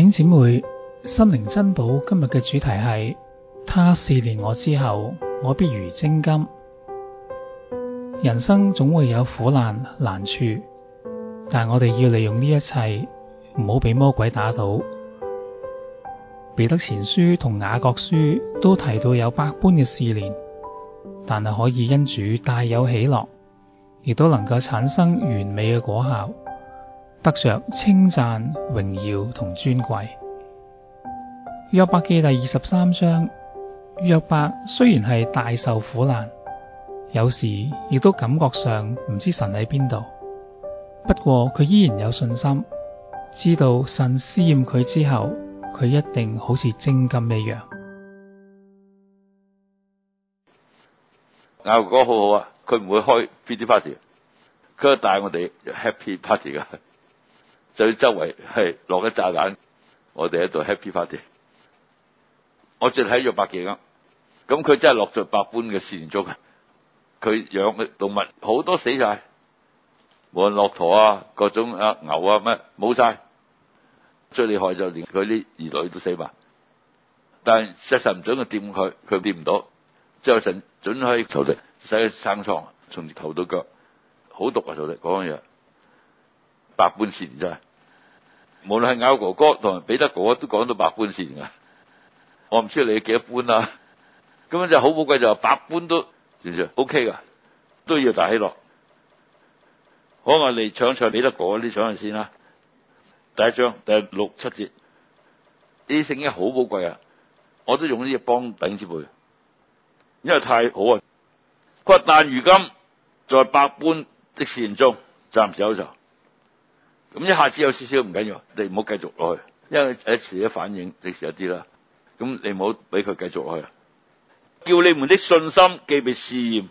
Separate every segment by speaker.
Speaker 1: 兄姊妹心靈珍寶今日嘅主題係：他試煉我之後，我必如精金。人生總會有苦難難處，但我哋要利用呢一切，唔好俾魔鬼打倒。彼得前書同雅各書都提到有百般嘅試煉，但係可以因主大有喜樂，亦都能夠產生完美嘅果效。得着稱讚、榮耀同尊貴。約伯記第二十三章，約伯雖然係大受苦難，有時亦都感覺上唔知神喺邊度。不過佢依然有信心，知道神試驗佢之後，佢一定好似精金一樣。牛哥好好啊，佢唔會開、Biti、party，佢帶我哋 happy party 噶就周圍係落咗炸彈，我哋喺度 happy party。我淨睇咗百幾噸，咁佢真係落咗百般嘅試驗做。佢養嘅動物好多死晒，無論駱駝啊、各種啊牛啊咩，冇晒。最厲害的就連佢啲兒女都死埋。但係神唔准佢掂佢，佢掂唔到。之後神准佢仇敵使生瘡，從頭到腳好毒啊！仇敵嗰樣百般試驗真係。無論係雅哥哥同埋彼得哥哥都講到百般試煉噶，我唔知你幾多般啦，啊。咁樣就好寶貴，就百般都完全 OK 噶，都要大喜樂。可能你搶一搶彼得果啲搶先啦。第一章第六七節，呢啲聖經好寶貴啊！我都用呢啲幫弟兄背，因為太好啊。佢話，但如今在百般的試煉中，暫時憂愁。咁一下子有少少唔緊要，你唔好繼續落去，因為有時有反應，有時有啲啦。咁你唔好俾佢繼續落去，叫你們的信心既被試驗，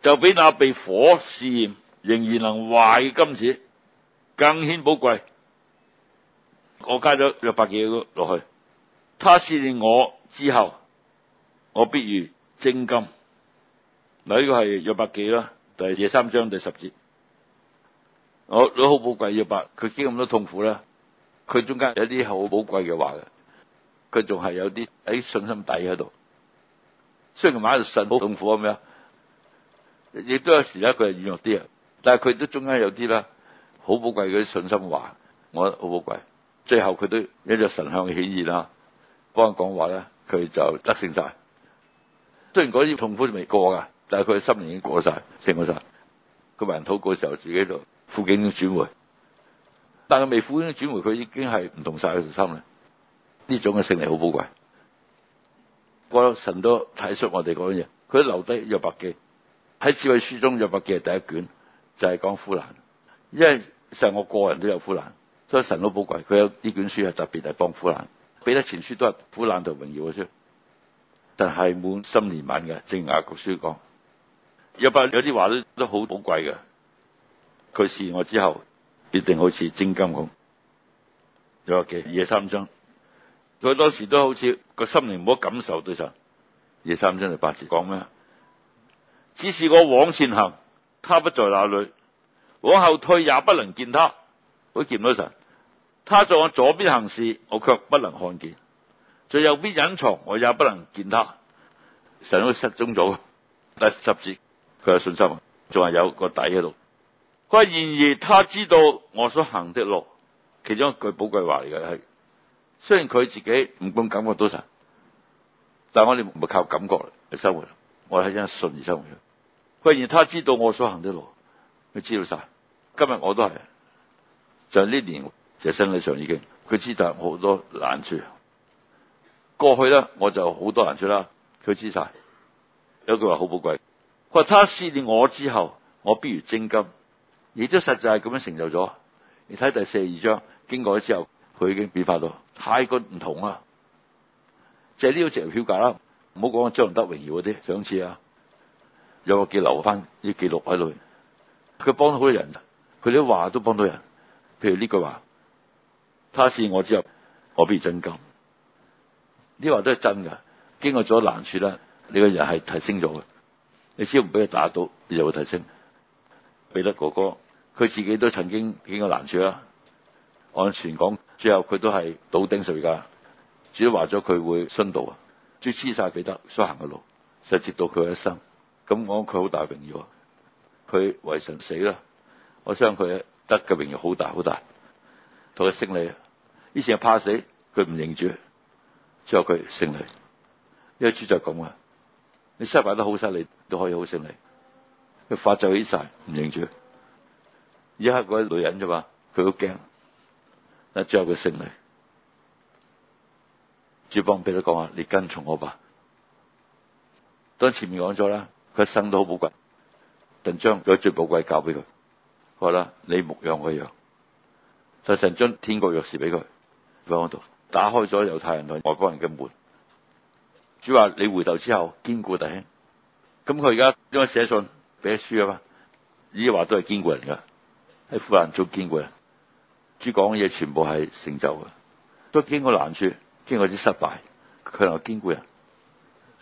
Speaker 1: 就比那被火試驗仍然能壞嘅金子更顯寶貴。我加咗約伯記個落去，他試煉我之後，我必如精金。嗱，呢個係約伯記啦，第廿三章第十節。我都好寶貴要白，佢經咁多痛苦啦，佢中間有啲好寶貴嘅話嘅，佢仲係有啲喺信心底喺度。雖然佢喺個神好痛苦咁樣，亦都有時咧，佢係軟弱啲啊。但係佢都中間有啲啦，好寶貴嗰啲信心話，我好寶貴。最後佢都因為神向顯現啦，幫佢講話咧，佢就得勝晒。雖然嗰啲痛苦未過噶，但係佢心靈已經過晒，勝過晒。佢埋人禱告時候，自己度。轉回，但係未副警都轉回，佢已經係唔同晒佢條心啦。呢種嘅勝利好寶貴。我神都體恤我哋講嘢，佢留低約伯記喺智慧書中約伯記，係第一卷，就係講苦難。因為成個個人都有苦難，所以神都寶貴。佢有呢卷書係特別係幫苦難，彼得前書都係苦難同榮耀嘅書，但係滿心憐憫嘅。正如雅各書講約伯有啲話都都好寶貴嘅。佢試完我之後，必定好似精金咁。有、okay，伯二三章，佢當時都好似個心靈冇感受對神。伯二三章就八節講咩？只是我往前行，他不在那裡；往後退也不能見他。我見唔到神，他在我左邊行事，我卻不能看見；在右邊隱藏，我也不能見他。神都失蹤咗，但十節，佢有信心，仲係有個底喺度。佢話然而他知道我所行的路，其中一句寶貴話嚟嘅係，雖然佢自己唔咁感覺到神，但係我哋唔係靠感覺嚟生活，我係因信而生活。佢話然而他知道我所行的路，佢知道晒，今日我都係，就呢年就生理上已經，佢知道好多難處。過去咧我就好多難處啦，佢知晒。有句話好寶貴，佢話他，他試煉我之後，我必如精金。亦都實際係咁樣成就咗。你睇第四二章，經過咗之後，佢已經變化到太過唔同啊！就係呢個石油教啦，唔好講張德榮耀嗰啲上次呀、啊，有個記留翻啲記錄喺度。佢幫到好多人，佢啲話都幫到人。譬如呢句話：他試我之後，我必如精金。呢話都係真㗎。經過咗難處咧，你個人係提升咗嘅。你只要唔畀佢打到，你就會提升。彼得哥哥。佢自己都曾經經過難處啦。按全講，最後佢都係倒釘十架㗎。主要話咗佢會殉道啊，主黐晒彼得所行嘅路，就直到佢嘅一生。咁講佢好大的榮耀啊！佢為神死啦，我相信佢得嘅榮耀好大好大，同佢勝利。啊。以前係怕死，佢唔認主；最後佢勝利，因為主就咁啊！你失敗得好犀利，都可以好勝利。佢發咒起誓，唔認主。依刻嗰啲女人咋嘛？佢好驚，那最後佢勝利，主幫俾佢講話：你跟從我吧。當前面講咗啦，佢生都好寶貴，但將佢最寶貴交俾佢，好啦，你牧養我羊，就成將天國鑰匙俾佢，喺度打開咗猶太人同外邦人嘅門。主話：你回頭之後堅固弟兄。咁佢而家因為寫信俾書啊嘛，呢啲話都係堅固人噶。喺苦難做堅固人啊！主講嘅嘢，全部係成就嘅，都經過難處，經過啲失敗，佢能夠堅固人。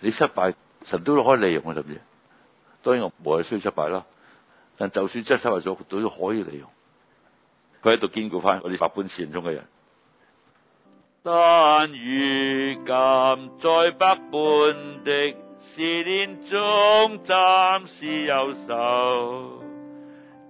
Speaker 1: 你失敗神都可以利用我。甚至當然我冇需要失敗啦。但就算真失敗咗，佢都可以利用。佢喺度堅固翻我哋百般試煉中嘅人。
Speaker 2: 但如今在百般的試煉中，暫時憂愁。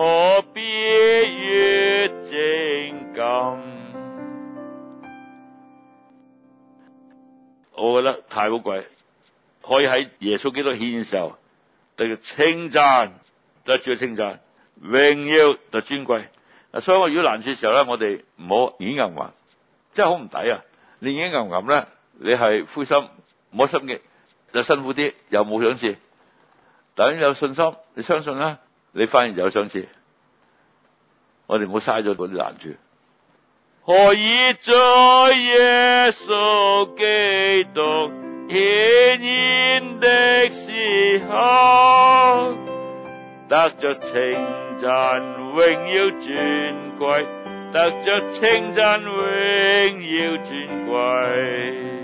Speaker 2: 我必如精金，我覺得
Speaker 1: 太寶貴，可以喺耶穌基督顯現嘅時候，得著稱讚，得著稱讚，榮耀就尊貴。所以，我如果難處嘅時候咧，我哋唔好軟硬話，真係好唔抵啊！你軟硬硬咧，你係灰心，冇心機，又辛苦啲，又冇賞賜。但係如果有信心，你相信咧。你反而就有相似，我哋唔好嘥咗嗰啲難處
Speaker 2: 可以在耶穌基督顯現,現的時候，得着稱讚、榮耀、尊貴，得着稱讚、榮耀、尊貴，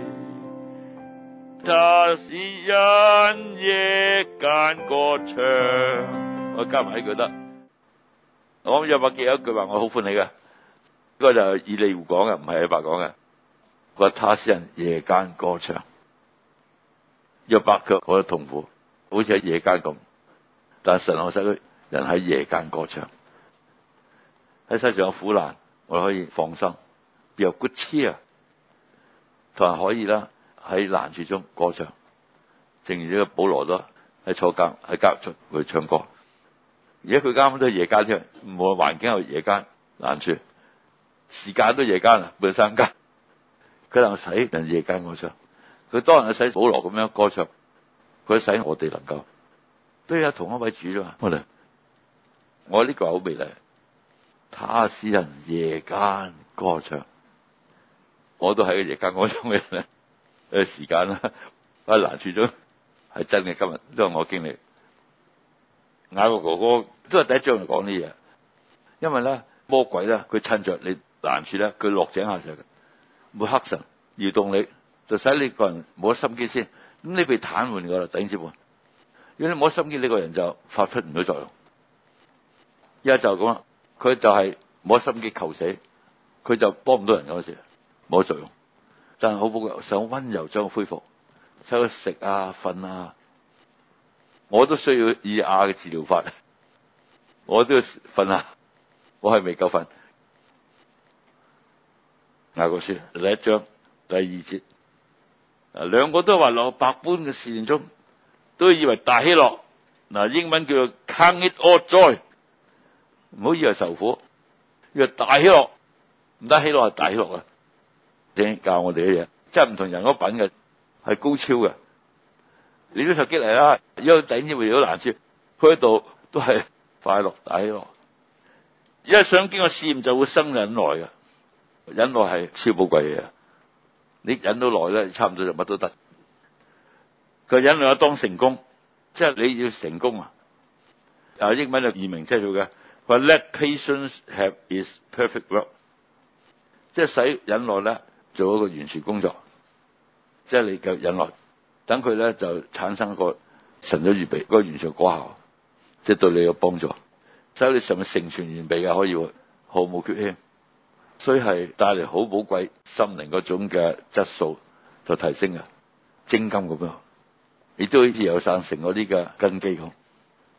Speaker 2: 祂使人夜間歌唱。我加埋佢得，我約伯記有一句話，我好歡喜嘅，嗰
Speaker 1: 就係以利胡你胡講嘅，唔係伯講嘅。佢話祂使人夜間歌唱，約伯覺得好多痛苦，好似喺夜間咁，但係神我使佢人喺夜間歌唱，喺世上有苦難，我可以放心。又伯痴啊，同埋可以啦，喺難處中歌唱。正如呢個保羅都喺坐監，喺監獄出去唱歌。而家佢啱啱都係夜間添，唔會環境又夜間難處，時間都夜間啦，半夜三更。佢能使人夜間歌唱，佢當然係使保羅咁樣歌唱，佢使我哋能夠，都有同一位主咗嘛。我哋，我呢句好美麗，他使人夜間歌唱，我都喺夜間歌唱嘅，誒時間啦，啊難處咗，係真嘅今日都係我經歷。嗌個哥哥都係第一章嚟講啲嘢，因為咧魔鬼咧佢趁著你難處咧，佢落井下石嘅，會黑神移動你，就使你個人冇咗心機先，咁你被癱瘓噶啦，等之本。如果你冇咗心機，你個人就發出唔到作用。而家就咁啦，佢就係冇咗心機求死，佢就幫唔到人嗰時，冇作用。但係好好想溫柔將佢恢復，使佢食啊、瞓啊。我都需要 E.R. 嘅治療法，我都要瞓下，我係未夠瞓。雅各書第一章第二節，啊兩個都話落百般嘅試驗中，都以為大喜樂，嗱英文叫做 Count it all joy？唔好以為受苦，以為大喜樂，唔得喜樂係大喜樂啊！啲教我哋一樣，真係唔同人個品嘅，係高超嘅。你激都台機嚟啦，因為頂住會好難住。佢喺度都係快樂底咯。因為想經過試驗，就會生忍耐嘅。忍耐係超寶貴嘅。你忍到耐咧，你差唔多就乜都得。佢忍耐當成功，即係你要成功啊！啊，英文就二名即係做嘅。佢話 let patience have its perfect work，即係使忍耐咧做一個完全工作。即係你嘅忍耐。等佢呢就產生一個神所預備嗰個完全果效，即係對你有幫助。所以你神嘅成全完備嘅，可以毫無缺欠，所以係帶嚟好寶貴心靈嗰種嘅質素就提升啊，精金咁樣，亦都好似有上成嗰啲嘅根基咁。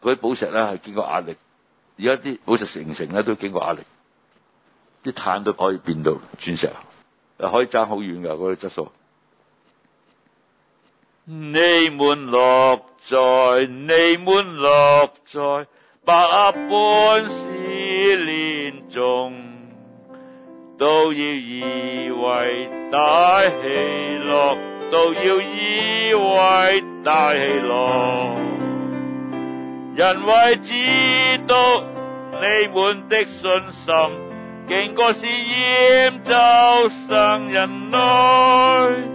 Speaker 1: 嗰啲寶石咧係經過壓力，而家啲寶石成唔成咧都經過壓力，啲碳都可以變到鑽石，可以爭好遠㗎嗰啲質素。
Speaker 2: 你們落在，你們落在百般試煉中，都要以為大喜樂，都要以為大喜樂。人為知道你們的信心，經過是厭就上人內。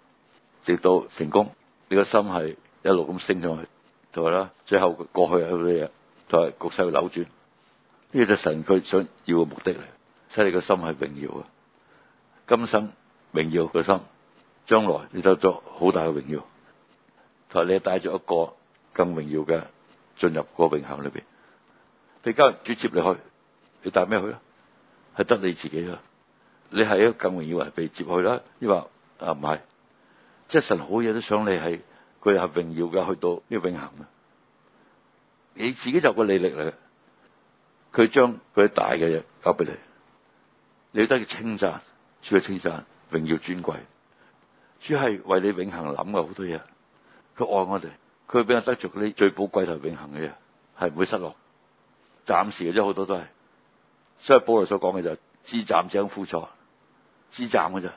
Speaker 1: 直到成功，你個心係一路咁升上去，就係啦。最後過去有好多嘢，就係局勢扭轉。呢個神佢想要嘅目的嚟，使你個心係榮耀啊！今生榮耀個心，將來你就作好大嘅榮耀。同你帶咗一個更榮耀嘅進入個永恒裏邊，你交直接你去，你帶咩去啊？係得你自己啊！你係一個更榮耀，係被接去啦。你話啊唔係？即係神好嘢都想你係佢係榮耀嘅去到要永恆啊？你自己就個能力嚟嘅。佢將佢大嘅嘢交俾你，你得嘅稱讚，主要稱讚榮耀尊貴，主要係為你永恆諗嘅好多嘢。佢愛我哋，佢俾我得着嗰啲最寶貴同永恆嘅嘢，係唔會失落。暫時嘅啫，好多都係，所以保羅所講嘅就係至暫至輕，苦楚，至暫嘅啫。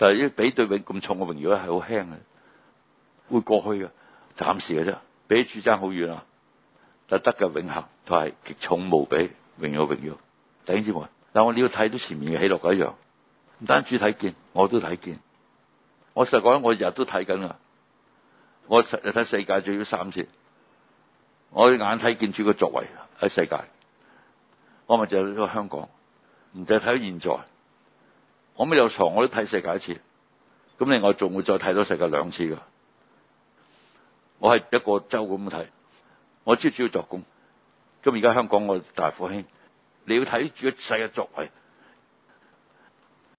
Speaker 1: 但係依比對永咁重嘅榮耀咧，係好輕嘅，會過去嘅，暫時嘅啫。比主爭好遠啊！但得嘅永恆同係極重無比榮耀榮耀。弟兄姊妹，但我你要睇到前面嘅喜樂嘅一樣，唔單止睇見，我都睇見。我實在講，我日日都睇緊啊！我日日睇世界做要三次，我眼睇見主嘅作為喺世界。我咪就係喺香港，唔就係睇現在，我未有床我都睇世界一次，咁另外仲會再睇多世界兩次噶。我係一個周咁樣睇，我知主要作工。咁而家香港我大復興，你要睇住一世嘅作為。